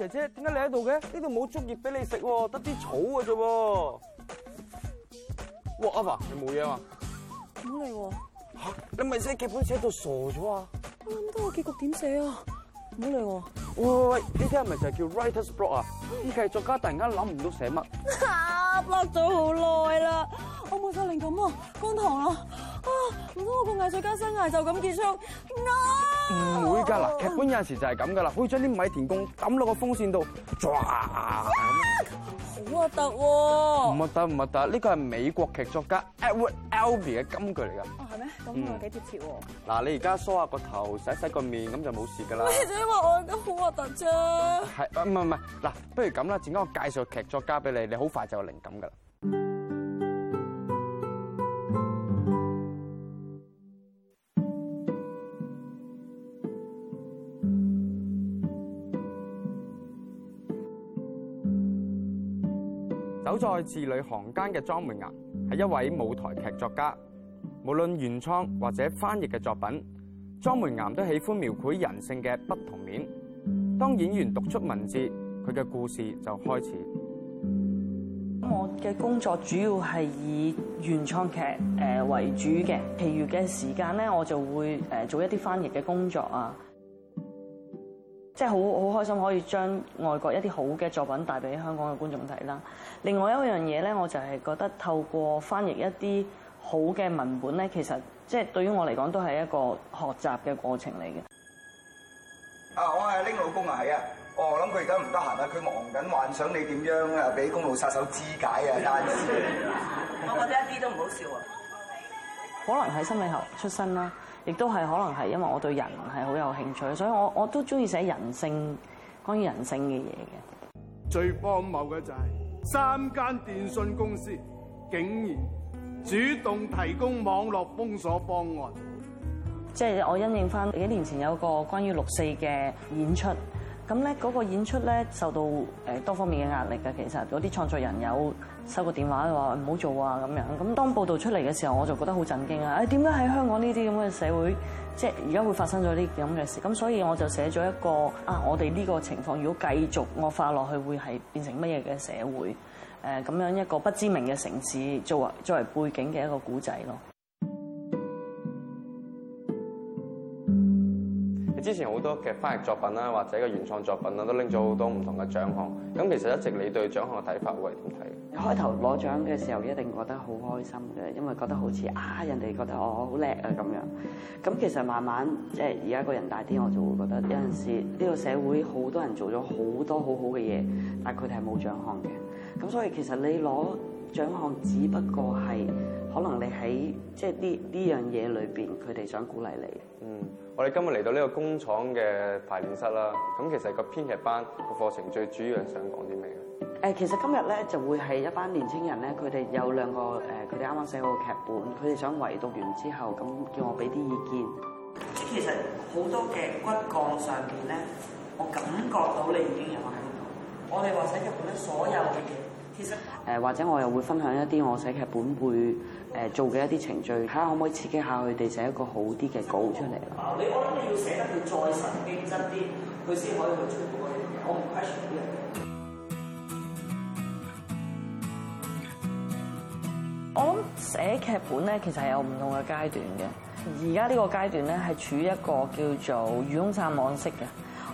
姐姐，點解你喺度嘅？呢度冇竹葉俾你食喎，得啲草嘅啫喎。哇，阿爸，你冇嘢嘛？唔好理我。嚇，你咪寫劇本寫到傻咗啊？我諗到個結局點寫啊？唔好理我。喂喂喂，呢啲係咪就係叫 writer's block 啊？唔係作家突然間諗唔到寫乜？Block 咗好耐啦，我冇晒靈感啊，乾塘啦！啊，唔通我個藝術家生涯就咁結束。No。唔會噶啦，劇本有陣時就係咁噶啦，可以將啲米田共揼落個風扇度，咁好核突喎！唔核突唔核突，呢個係美國劇作家 Edward Albee 嘅金句嚟噶。哦，係咩？咁幾貼切喎！嗱、嗯，你而家梳下個頭，洗洗個面，咁就冇事噶啦。咩啫？話我覺得好核突啫。係，唔係唔係，嗱，不如咁啦，陣間我介紹個劇作家俾你，你好快就有靈感噶啦。字裏行間嘅莊梅岩係一位舞台劇作家，無論原創或者翻譯嘅作品，莊梅岩都喜歡描繪人性嘅不同面。當演員讀出文字，佢嘅故事就開始。咁我嘅工作主要係以原創劇誒為主嘅，其餘嘅時間咧，我就會誒、呃、做一啲翻譯嘅工作啊。即係好好開心，可以將外國一啲好嘅作品帶俾香港嘅觀眾睇啦。另外一樣嘢咧，我就係覺得透過翻譯一啲好嘅文本咧，其實即係對於我嚟講都係一個學習嘅過程嚟嘅。啊，我係拎老公啊，係啊，我諗佢而家唔得閒啊，佢忙緊幻想你點樣啊，俾公路殺手肢解啊，但係 我覺得一啲都唔好笑啊，可能喺心理學出身啦。亦都係可能係因為我對人係好有興趣，所以我我都中意寫人性，關於人性嘅嘢嘅。最荒謬嘅就係、是、三間電訊公司竟然主動提供網絡封鎖方案。即係我因應翻幾年前有個關於六四嘅演出。咁咧嗰個演出咧受到誒多方面嘅壓力嘅，其實嗰啲創作人有收個電話話唔好做啊咁樣。咁當報導出嚟嘅時候，我就覺得好震驚啊！誒點解喺香港呢啲咁嘅社會，即係而家會發生咗啲咁嘅事？咁所以我就寫咗一個啊，我哋呢個情況如果繼續惡化落去，會係變成乜嘢嘅社會？誒咁樣一個不知名嘅城市作為作為背景嘅一個故仔咯。之前好多嘅翻譯作品啦，或者個原創作品啦，都拎咗好多唔同嘅獎項。咁其實一直你對獎項嘅睇法會係點睇？開頭攞獎嘅時候一定覺得好開心嘅，因為覺得好似啊人哋覺得我好叻啊咁樣。咁其實慢慢即係而家個人大啲，我就會覺得有陣時呢個社會好多人做咗好多好好嘅嘢，但係佢哋係冇獎項嘅。咁所以其實你攞獎項只不過係可能你喺即係呢呢樣嘢裏邊，佢哋想鼓勵你。嗯。我哋今日嚟到呢個工廠嘅排練室啦，咁其實個編劇班個課程最主要係想講啲咩？誒，其實今日咧就會係一班年青人咧，佢哋有兩個誒，佢哋啱啱寫好個劇本，佢哋想圍讀完之後，咁叫我俾啲意見。即其實好多嘅骨幹上邊咧，我感覺到你已經有喺度。我哋話寫劇本咧，所有嘅嘢。或者我又會分享一啲我寫劇本會做嘅一啲程序，睇下可唔可以刺激下佢哋寫一個好啲嘅稿出嚟啦。嗱，你可能你要寫得佢再神經質啲，佢先可以去做到嗰樣嘢。我唔 question 呢樣嘢。我諗寫劇本咧，其實有唔同嘅階段嘅。而家呢個階段咧，係處於一個叫做漁翁撒網式嘅。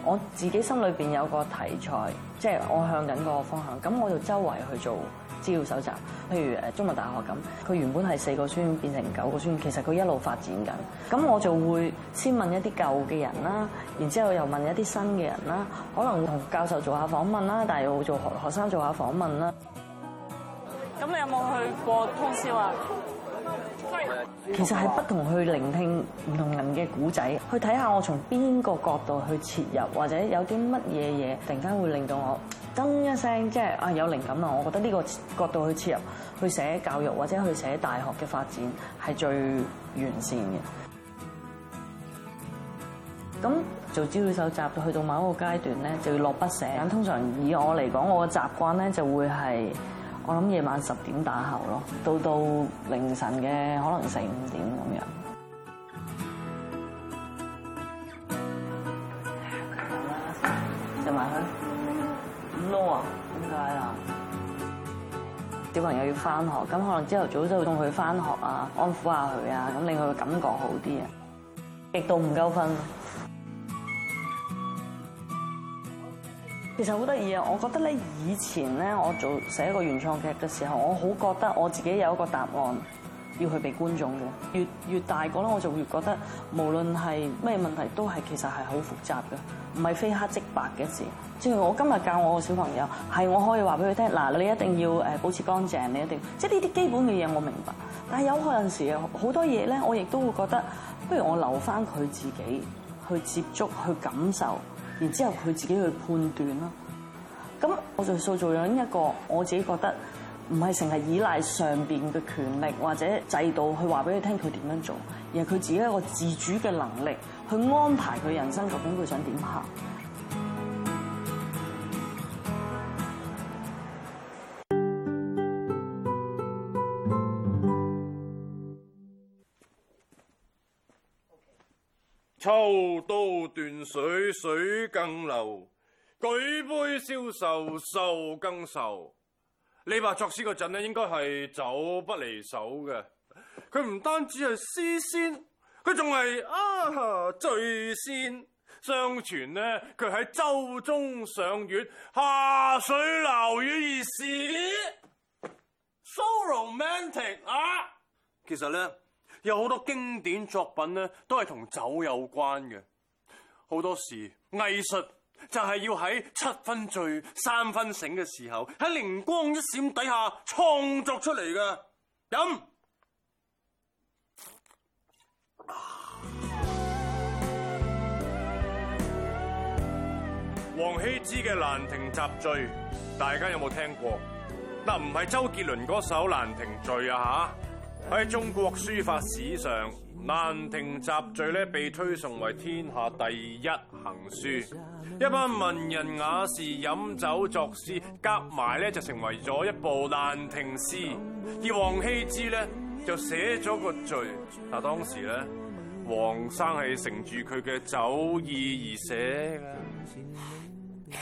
我自己心裏邊有個題材，即係我向緊個方向，咁我就周圍去做資料搜集。譬如中文大學，咁，佢原本係四個書院變成九個書院，其實佢一路發展緊。咁我就會先問一啲舊嘅人啦，然之後又問一啲新嘅人啦，可能同教授做下訪問啦，但係要做學生做下訪問啦。咁你有冇去過通宵啊？其實係不，不同去聆聽唔同人嘅古仔，去睇下我從邊個角度去切入，或者有啲乜嘢嘢突然間會令到我噔一聲，即係啊，有靈感。我覺得呢個角度去切入去寫教育或者去寫大學嘅發展係最完善嘅。咁做資料搜集去到某一個階段咧，就要落筆寫。通常以我嚟講，我嘅習慣咧就會係。我諗夜晚十點打後咯，到到凌晨嘅可能四五點咁樣。就問佢啊，點解啊？小朋友要翻學，咁可能朝頭早就送佢翻學啊，安撫下佢啊，咁令佢感覺好啲啊。極度唔夠瞓。其實好得意啊！我覺得咧，以前咧，我做寫一個原創劇嘅時候，我好覺得我自己有一個答案要去俾觀眾嘅。越越大個咧，我就越覺得，無論係咩問題，都係其實係好複雜嘅，唔係非黑即白嘅事。正如我今日教我個小朋友，係我可以話俾佢聽，嗱，你一定要誒保持乾淨，你一定要即係呢啲基本嘅嘢，我明白。但係有嗰陣時好多嘢咧，我亦都會覺得，不如我留翻佢自己去接觸，去感受。然之後佢自己去判斷啦，咁我就塑造咗一個我自己覺得唔係成日依賴上面嘅權力或者制度去話俾佢聽佢點樣做，而係佢自己一個自主嘅能力去安排佢人生究竟佢想點行。抽刀斷水，水更流；舉杯消愁，愁更愁。李白作詩嗰陣咧，應該係酒不離手嘅。佢唔單止係詩仙，佢仲係啊醉仙。相傳呢，佢喺舟中賞月，下水撈月。而死呢 so romantic 啊！其實咧。有好多經典作品呢，都係同酒有關嘅。好多時藝術就係要喺七分醉三分醒嘅時候，喺靈光一閃底下創作出嚟嘅。飲。王羲之嘅蘭亭集序，大家有冇聽過？嗱，唔係周杰倫嗰首《蘭亭序》啊，吓。喺中國書法史上，《蘭亭集序》咧被推崇為天下第一行書。一班文人雅士飲酒作詩，夾埋咧就成為咗一部《蘭亭詩》。而王羲之咧就寫咗個序，嗱，當時咧，王生係乘住佢嘅酒意而寫嘅。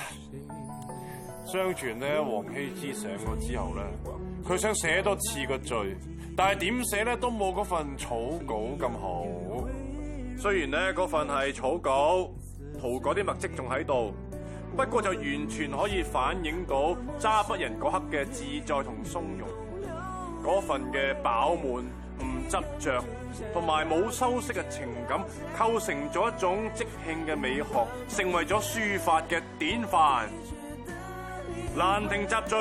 相傳咧，王羲之醒咗之後咧，佢想寫多次個序。但係點寫咧都冇嗰份草稿咁好，雖然咧嗰份係草稿，塗改嗰啲墨跡仲喺度，不過就完全可以反映到揸筆人嗰刻嘅自在同松容。嗰份嘅飽滿、唔執着同埋冇修飾嘅情感，構成咗一種即興嘅美學，成為咗書法嘅典範，難《蘭亭集序》。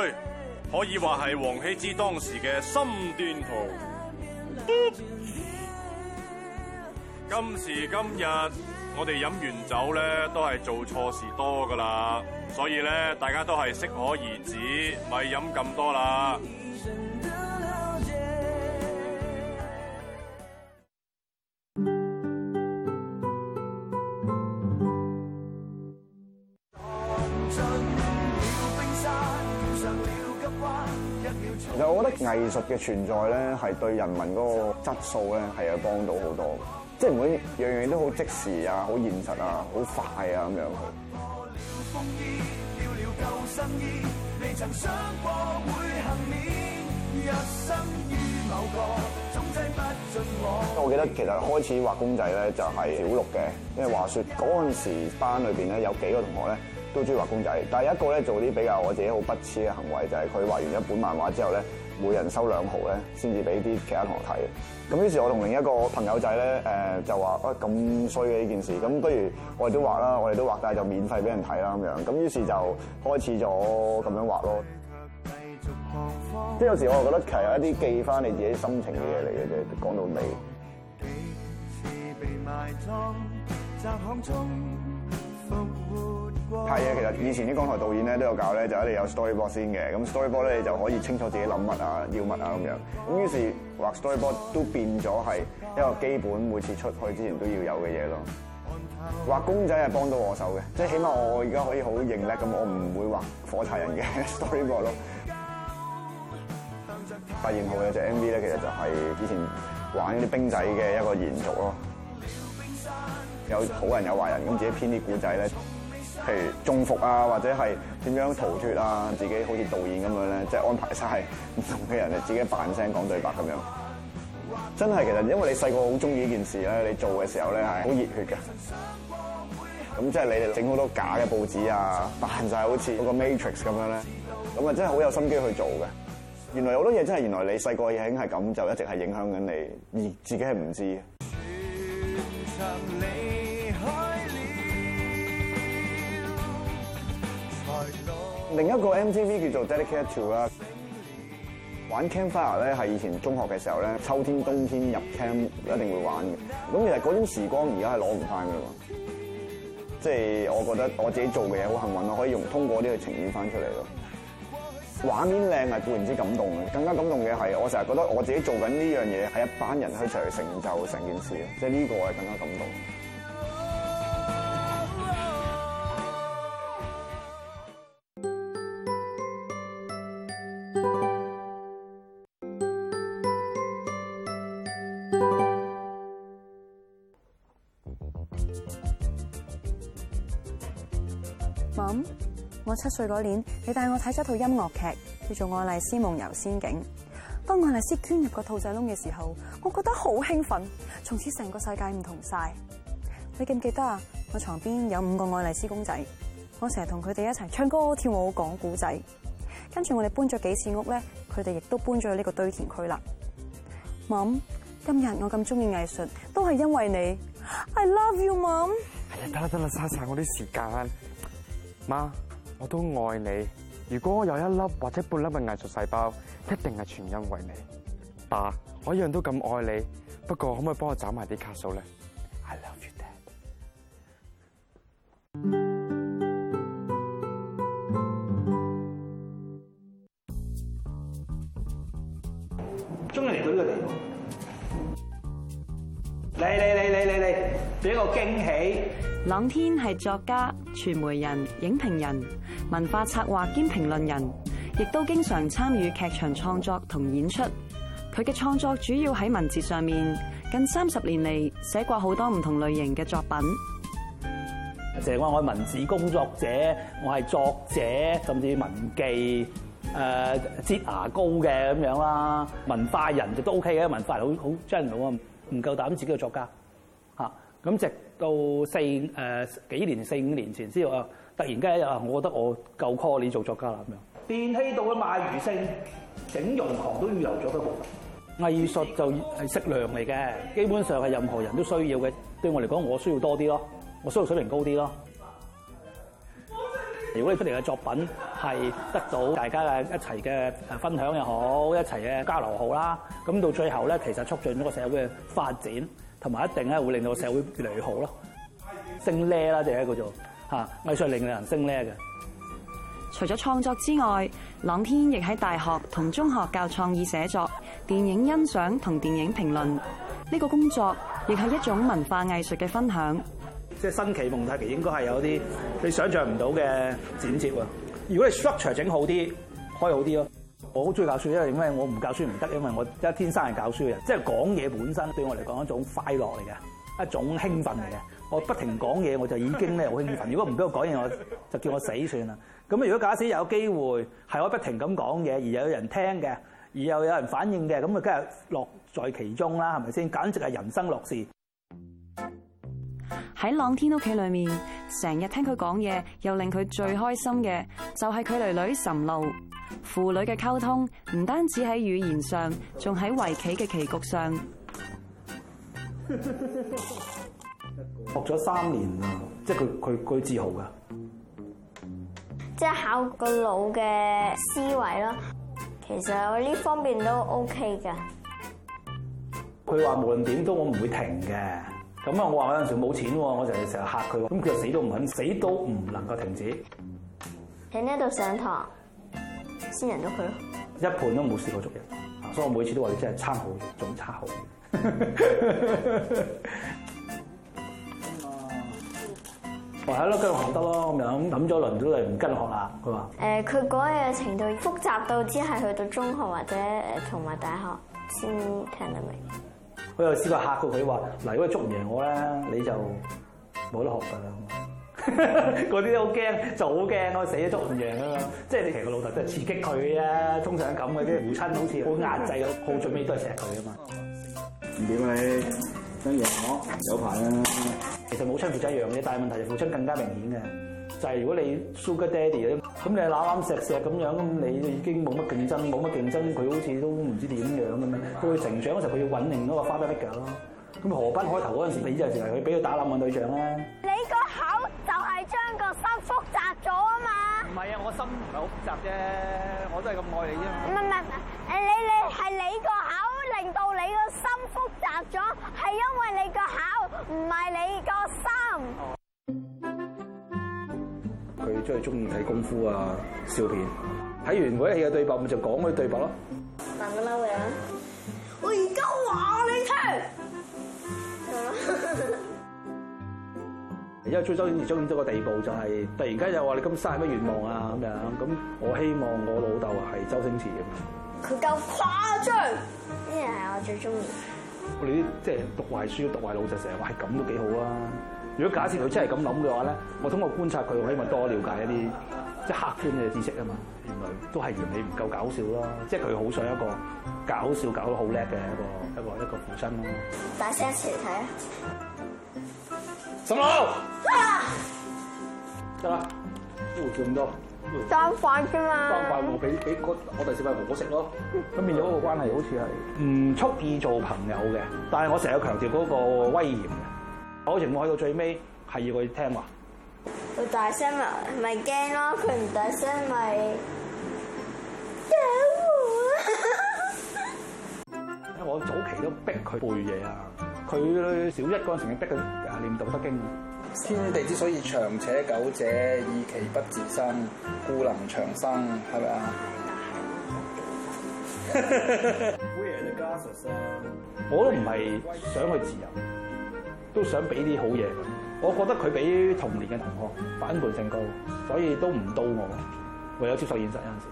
可以話係王羲之當時嘅心端圖。今時今日，我哋飲完酒咧，都係做錯事多㗎喇，所以咧，大家都係適可而止，咪飲咁多啦。其實我覺得藝術嘅存在咧，係對人民嗰個質素咧，係有幫到好多嘅，即係唔會樣樣都好即時啊、好現實啊、好快啊咁樣。我記得其實開始畫公仔咧就係小六嘅，因為話說嗰陣時班裏面咧有幾個同學咧，都中意畫公仔，但係一個咧做啲比較我自己好不恥嘅行為，就係佢畫完一本漫畫之後咧，每人收兩毫咧，先至俾啲其他同學睇。咁於是，我同另一個朋友仔咧，誒就話，啊咁衰嘅呢件事，咁不如我哋都畫啦，我哋都畫，但係就免費俾人睇啦咁樣。咁於是就開始咗咁樣畫咯。即係有時我係覺得其實有一啲記返你自己心情嘅嘢嚟嘅啫，講到尾。幾次被埋葬係啊，其實以前啲港台導演咧都有搞咧，就一定要有 storyboard 先嘅，咁 storyboard 咧你就可以清楚自己諗乜啊、要乜啊咁樣。咁於是畫 storyboard 都變咗係一個基本，每次出去之前都要有嘅嘢咯。畫公仔係幫到我手嘅，即係起碼我而家可以好認叻咁，我唔會畫火柴人嘅 storyboard 咯。發現 好有隻 MV 咧，其實就係之前玩啲兵仔嘅一個延續咯。有好人有壞人，咁自己編啲故仔咧。譬如中伏啊，或者係點樣逃脫啊，自己好似導演咁樣咧，即係安排晒唔同嘅人嚟自己扮聲講對白咁樣。真係其實因為你細個好中意呢件事咧，你做嘅時候咧係好熱血嘅。咁即係你哋整好多假嘅報紙啊，扮晒好似嗰個 Matrix 咁樣咧，咁啊真係好有心機去做嘅。原來好多嘢真係原來你細個已經係咁，就一直係影響緊你，而自己係唔知。另一個 MTV 叫做 Dedicate To 啦，玩 campfire 咧，係以前中學嘅時候咧，秋天冬天入 camp 一定會玩嘅。咁其實嗰種時光而家係攞唔翻嘅喎，即係我覺得我自己做嘅嘢好幸運咯，可以用通過呢個呈現翻出嚟咯。畫面靚係固然之感動，更加感動嘅係我成日覺得我自己做緊呢樣嘢係一班人一齊去成就成件事，即係呢個係更加感動。媽，我七歲嗰年，你帶我睇咗套音樂劇，叫做《愛麗絲夢遊仙境》。當愛麗絲鑽入個兔仔窿嘅時候，我覺得好興奮，從此成個世界唔同晒。你記唔記得啊？我床邊有五個愛麗絲公仔，我成日同佢哋一齊唱歌跳舞講故仔。跟住我哋搬咗幾次屋咧，佢哋亦都搬咗去呢個堆填區啦。媽，今日我咁中意藝術，都係因為你。I love you，媽。係啊，得啦得啦，嘥晒我啲時間。媽，我都愛你。如果我有一粒或者半粒嘅藝術細胞，一定係全因為你。爸，我一樣都咁愛你。不過可唔可以幫我找埋啲卡數咧？I love you, Dad。終於嚟到呢個地方。嚟、嚟、嚟、嚟、嚟，俾個驚喜。朗天係作家、傳媒人、影評人、文化策劃兼評論人，亦都經常參與劇場創作同演出。佢嘅創作主要喺文字上面，近三十年嚟寫過好多唔同類型嘅作品。淨係講我係文字工作者，我係作者甚至文記誒、呃，摺牙膏嘅咁樣啦。文化人就都 OK 嘅，文化人好 general 嘅，唔夠膽自己嘅作家吓，咁即。到四誒、呃、幾年四五年前先啊。突然間一、啊、我覺得我夠 qualified 做作家啦咁樣。電氣道嘅鰻魚性，整容行都要有咗一部分。藝術就係食糧嚟嘅，基本上係任何人都需要嘅。對我嚟講，我需要多啲咯，我需要水平高啲咯。 如果你出嚟嘅作品係得到大家嘅一齊嘅分享又好，一齊嘅交流好啦，咁到最後咧，其實促進咗個社會嘅發展。同埋一定咧，會令到社會越嚟越好咯，升叻啦，就係一個做嚇藝術，令人升叻嘅。除咗創作之外，朗天亦喺大學同中學教創意寫作、電影欣賞同電影評論。呢個工作亦係一種文化藝術嘅分享。即係新奇蒙太奇，應該係有啲你想象唔到嘅剪接喎。如果你 structure 整好啲，開好啲咯。我好中意教書，因為點解我唔教書唔得，因為我一天生係教書嘅人，即係講嘢本身對我嚟講一種快樂嚟嘅，一種興奮嚟嘅。我不停講嘢，我就已經咧好興奮。如果唔俾我講嘢，我就叫我死算啦。咁如果假使有機會係我不停咁講嘢，而有人聽嘅，而又有人反應嘅，咁啊，梗係樂在其中啦，係咪先？簡直係人生樂事。喺朗天屋企裏面，成日聽佢講嘢，又令佢最開心嘅就係、是、佢女女岑露。父女嘅溝通唔單止喺語言上，仲喺圍棋嘅棋局上。學咗三年啦，即係佢佢佢自豪噶。即係考個腦嘅思維咯，其實我呢方面都 OK 噶。佢話無論點都我唔會停嘅。咁啊！我話我有時冇錢喎，我就係成日嚇佢。咁佢死都唔肯，死都唔能夠停止。喺呢度上堂先贏咗佢咯。一盤都冇試過捉人，所以我每次都話你真係差好遠，仲差好遠。哦，係咯，跟學得咯咁樣，諗咗輪都係唔跟學啦。佢話：誒，佢嗰嘢程度複雜到只係去到中學或者誒同埋大學先聽得明。我又試過嚇過佢話，嗱，如果捉唔贏我咧，你就冇得學㗎啦。嗰啲咧好驚， 就好驚，我死都捉唔贏啊！ 即係其實個老豆都係刺激佢啊，通常咁嘅啫，父親好似好壓制，好 最尾都係錫佢啊嘛。唔點你想贏我？有排啊！其實母親負責讓嘅，但係問題係父親更加明顯嘅，就係、是、如果你 Sugar Daddy 咁你係攬攬錫錫咁樣，咁你已經冇乜競爭，冇乜競爭，佢好似都唔知點樣咁樣。佢成長嗰時，佢要穩定嗰個 foundation 咯。咁何斌開頭嗰陣時，死就係佢俾佢打攬嘅對象啦。你個口就係將個心複雜咗啊嘛！唔係啊，我心唔係好複雜啫，我真係咁愛你啫。唔係唔係唔係，誒你你係你個口令到你個心複雜咗，係因為你個口唔係你個心。最中意睇功夫啊笑片，睇完每一戲嘅對白，咪就講嗰啲對白咯。咁嬲嘅，我而家話你聽。然之 後，最終演義最演到個地步，就係、是、突然間又話你今生係咩願望啊咁樣。咁我希望我老豆係周星馳咁。佢夠誇張，呢樣係我最中意。我哋啲即係讀壞書，讀壞腦就成日話係咁都幾好啊。如果假設佢真係咁諗嘅話咧，我通過觀察佢，可以咪多了解一啲即係客觀嘅知識啊嘛。原來都係嫌你唔夠搞笑咯，即係佢好想一個搞笑搞得好叻嘅一個一個一個父親咯。大聲一齊睇啊！沈浩，得啦，都唔做咁多。單飯㗎嘛。單飯我俾俾我第四位婆哥食咯。咁變咗個關係，好似係唔蓄意做朋友嘅，但係我成日強調嗰個威嚴嘅。嗰個情況去到最尾係要佢聽話，佢大聲咪咪驚咯，佢唔大聲咪。我早期都逼佢背嘢啊，佢小一嗰陣時已經逼佢啊念道德經，天地之所以長且久者，以其不自生，故能長生，係咪啊？哈哈哈哈哈。我都唔係想去自由。都想俾啲好嘢，我覺得佢比童年嘅同學反叛性高，所以都唔到我，唯有接受現實有陣時。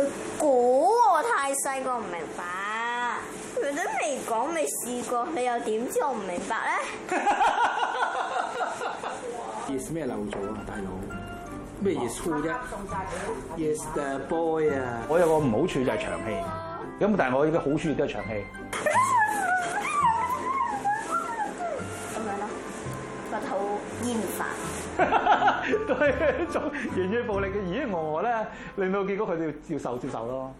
佢估我太細個唔明白，佢都未講未試過，你又點知我唔明白咧？Yes 咩漏咗啊，大佬？咩 yes who 啫？Yes the boy 啊！我有個唔好處就係長氣，咁但係我依家好處亦都係長氣。 都係一種言語暴力嘅咦我咧，令到結果佢哋要接受接受咯。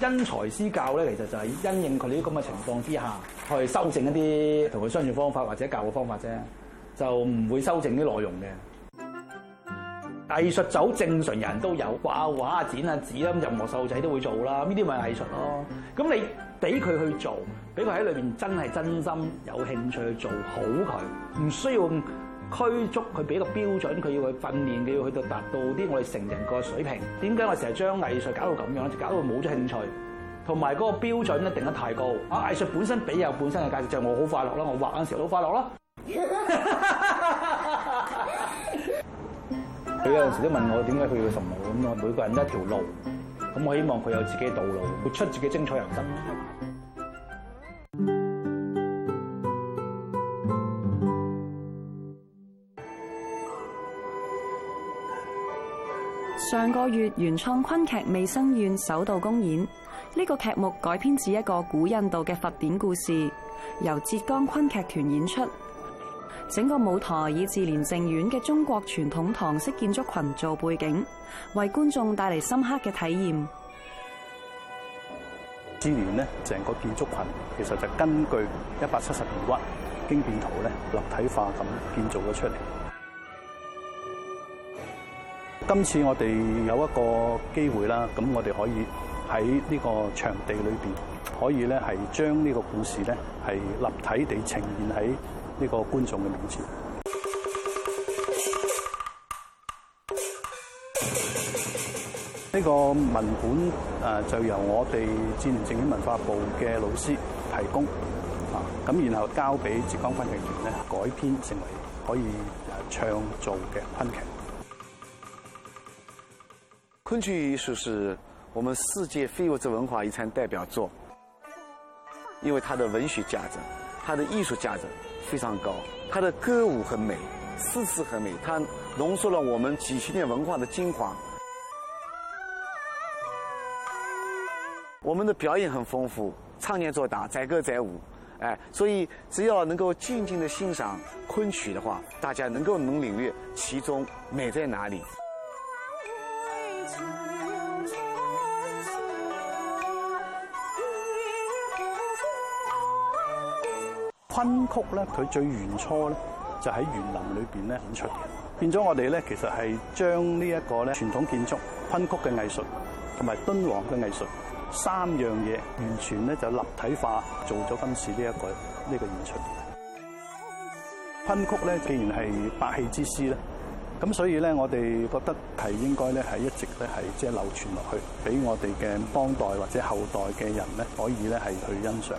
因材施教咧，其實就係因應佢哋啲咁嘅情況之下，去修正一啲同佢相處方法或者教嘅方法啫，就唔會修正啲內容嘅。藝術走正常人都有畫啊畫啊剪啊紙啊，任何細路仔都會做啦。呢啲咪藝術咯。咁你俾佢去做，俾佢喺裏面真係真心有興趣去做好佢，唔需要咁拘束佢，俾個標準佢要去訓練，佢要去到達到啲我哋成人個水平。點解我成日將藝術搞到咁樣咧？搞到冇咗興趣，同埋嗰個標準咧定得太高。啊，藝術本身俾有本身嘅價值，就係、我好快樂啦，我畫嘅時候好快樂啦。 佢有陣時都問我點解佢要尋路咁咯，每個人一條路，咁我希望佢有自己的道路，活出自己精彩人生。上個月，原創昆劇《未生怨》首度公演，呢個劇目改編自一個古印度嘅佛典故事，由浙江昆劇團演出。整個舞台以志蓮淨苑嘅中國傳統唐式建築群做背景，為觀眾帶嚟深刻嘅體驗。志蓮呢，成個建築群其實就根據一百七十二窟經變圖咧立體化咁建造咗出嚟。今次我哋有一個機會啦，咁我哋可以喺呢個場地裏邊，可以咧係將呢個故事咧係立體地呈現喺。呢個觀眾嘅名字，呢個文本誒就由我哋志蓮淨苑文化部嘅老師提供，啊咁然後交俾浙江昆劇團咧改編成為可以唱做嘅昆劇。昆曲藝術係我們世界非物質文化遺產代表作，因為它的文學價值、它的藝術價值。非常高，它的歌舞很美，詩詞很美，它濃縮了我們幾千年文化的精華。 我們的表演很豐富，唱念做打，載歌載舞，哎，所以只要能夠靜靜的欣賞昆曲的話，大家能夠能領略其中美在哪裏。崑曲咧，佢最原初咧就喺園林裏邊咧演出嘅，變咗我哋咧，其實係將呢一個咧傳統建築昆曲嘅藝術同埋敦煌嘅藝術三樣嘢完全咧就立體化做咗今次呢、這、一個呢、呢個演出。昆曲咧，既然係百戲之師咧，咁所以咧，我哋覺得係應該咧係一直咧係即係流傳落去，俾我哋嘅當代或者後代嘅人咧可以咧係去欣賞。